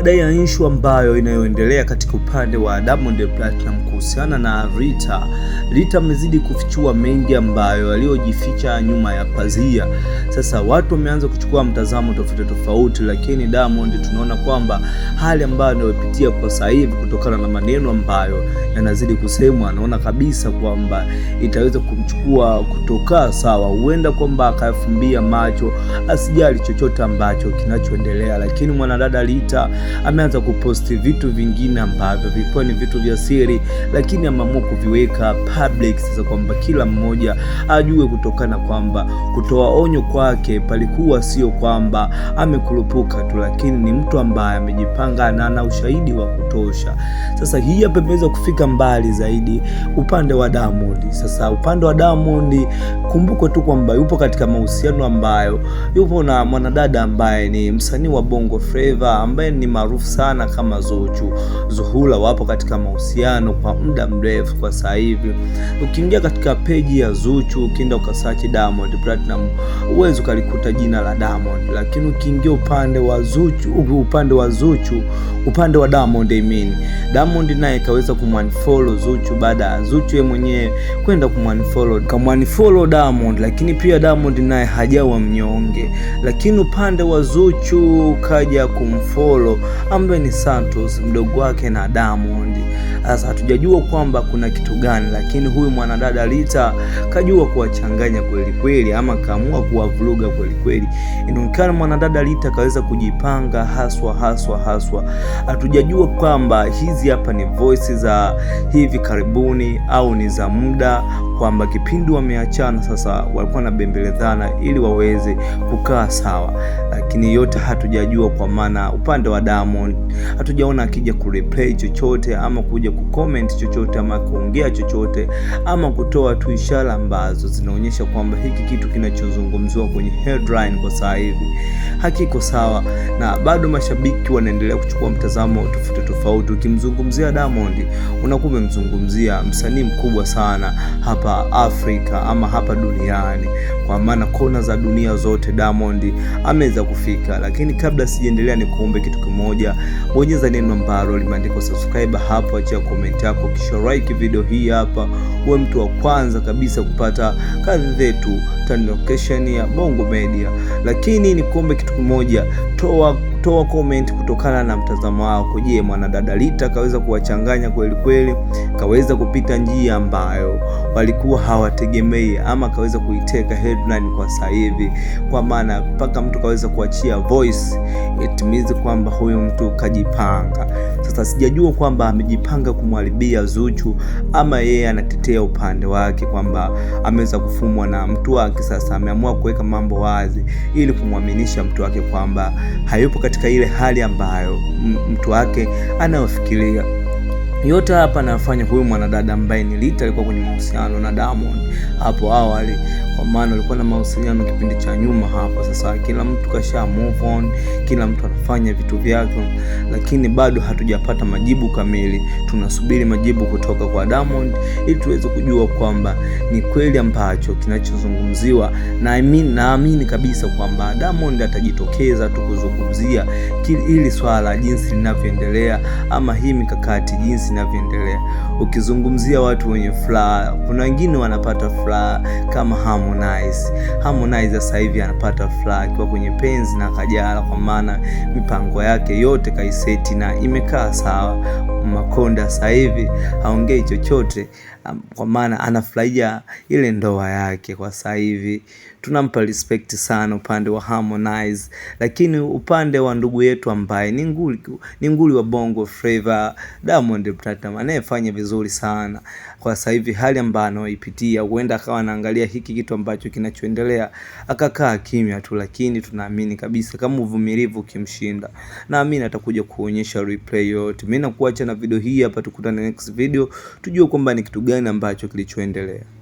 Baada ya issue ambayo inayoendelea katika upande wa Diamond Platnumz kuhusiana na Rita, Rita amezidi kufichua mengi ambayo aliyojificha nyuma ya pazia. Sasa watu wameanza kuchukua mtazamo tofauti tofauti, lakini Diamond tunaona kwamba hali ambayo anayopitia kwa sasa hivi kutokana na maneno ambayo yanazidi kusemwa, anaona kabisa kwamba itaweza kumchukua kutokaa sawa, huenda kwamba akafumbia macho, asijali chochote ambacho kinachoendelea, lakini mwanadada Rita ameanza kuposti vitu vingine ambavyo vilikuwa ni vitu vya siri, lakini ameamua kuviweka public sasa, kwamba kila mmoja ajue, kutokana kwamba kutoa onyo kwake palikuwa sio kwamba amekurupuka tu, lakini ni mtu ambaye amejipanga na ana ushahidi wa kutosha. Sasa hii hapa imeweza kufika mbali zaidi upande wa Diamond. Sasa upande wa Diamond Kumbukwe tu kwamba yupo katika mahusiano ambayo yupo na mwanadada ambaye ni msanii wa Bongo Flava ambaye ni maarufu sana kama Zuchu. Zuhura wapo katika mahusiano kwa muda mrefu kwa sasa hivi. Ukiingia katika peji ya Zuchu, ukienda ukasearch Diamond Platinum, uwezi ukalikuta jina la Diamond, lakini ukiingia upande wa Zuchu, upande wa Zuchu, upande wa Diamond I mean, Diamond naye kaweza kumwanfollow Zuchu baada ya Zuchu yeye mwenyewe kwenda kumwanfollow, kamwanfollow Diamond, lakini pia Diamond naye hajawa mnyonge. Lakini upande wa Zuchu kaja kumfolo ambaye ni Santos mdogo wake na Diamond. Sasa hatujajua kwamba kuna kitu gani, lakini huyu mwanadada Rita kajua kuwachanganya kweli kweli, ama kaamua kuwavuruga kweli kweli. Inaonekana mwanadada Rita kaweza kujipanga haswa haswa haswa. Hatujajua kwamba hizi hapa ni voice za hivi karibuni au ni za muda kwamba kipindi wameachana sasa, walikuwa na bembelezana ili waweze kukaa sawa, lakini yote hatujajua, kwa maana upande wa Diamond hatujaona akija kureplay chochote ama kuja kucomment chochote ama kuongea chochote ama kutoa tu ishara ambazo zinaonyesha kwamba hiki kitu kinachozungumziwa kwenye headline kwa sasa hivi hakiko sawa, na bado mashabiki wanaendelea kuchukua mtazamo tofauti tofauti. Ukimzungumzia Diamond unakuwa umemzungumzia msanii mkubwa sana hapa hapa Afrika ama hapa duniani, kwa maana kona za dunia zote Diamond ameweza kufika. Lakini kabla sijaendelea, ni kuombe kitu kimoja, bonyeza neno ambalo limeandikwa subscribe hapo, achia comment yako, kisha like video hii hapa, uwe mtu wa kwanza kabisa kupata kazi zetu, location ya Bongo Media. Lakini ni kuombe kitu kimoja, toa kutoa comment kutokana na mtazamo wao. Je, mwanadada Rita kaweza kuwachanganya kweli kweli? Kaweza kupita njia ambayo walikuwa hawategemei, ama kaweza kuiteka headline kwa sasa hivi, kwa maana mpaka mtu kaweza kuachia voice, it means kwamba huyu mtu kajipanga. Sasa sijajua kwamba amejipanga kumharibia Zuchu ama yeye anatetea upande wake kwamba ameweza kufumwa na mtu wake. Sasa ameamua kuweka mambo wazi ili kumwaminisha mtu wake kwamba hayupo katika ile hali ambayo mtu wake anayofikiria. Yote hapa anafanya huyu mwanadada ambaye ni Rita alikuwa kwenye mahusiano na Diamond hapo awali, kwa maana alikuwa na mahusiano kipindi cha nyuma hapa. Sasa kila mtu kasha move on, kila mtu anafanya vitu vyake, lakini bado hatujapata majibu kamili. Tunasubiri majibu kutoka kwa Diamond ili tuweze kujua kwamba ni kweli ambacho kinachozungumziwa, na I mean, naamini kabisa kwamba Diamond atajitokeza tu kuzungumzia hili swala jinsi linavyoendelea, ama hii mikakati jinsi zinavyoendelea. Ukizungumzia watu wenye furaha, kuna wengine wanapata furaha kama Harmonize. Harmonize sasa hivi anapata furaha akiwa kwenye penzi na Kajala, kwa maana mipango yake yote kaiseti na imekaa sawa. Makonda sasa hivi haongei chochote kwa maana anafurahia ile ndoa yake kwa sasa hivi. Tunampa respect sana upande wa Harmonize, lakini upande wa ndugu yetu ambaye ni nguli, ni nguli wa Bongo Flava Diamond Platinum anayefanya vizuri sana kwa sasa hivi, hali ambayo anaoipitia, huenda akawa anaangalia hiki kitu ambacho kinachoendelea akakaa kimya tu, lakini tunaamini kabisa kama uvumilivu ukimshinda, naamini atakuja kuonyesha replay yote. Mimi nakuacha na video hii hapa, tukutane next video tujue kwamba ni kitu gani ambacho kilichoendelea.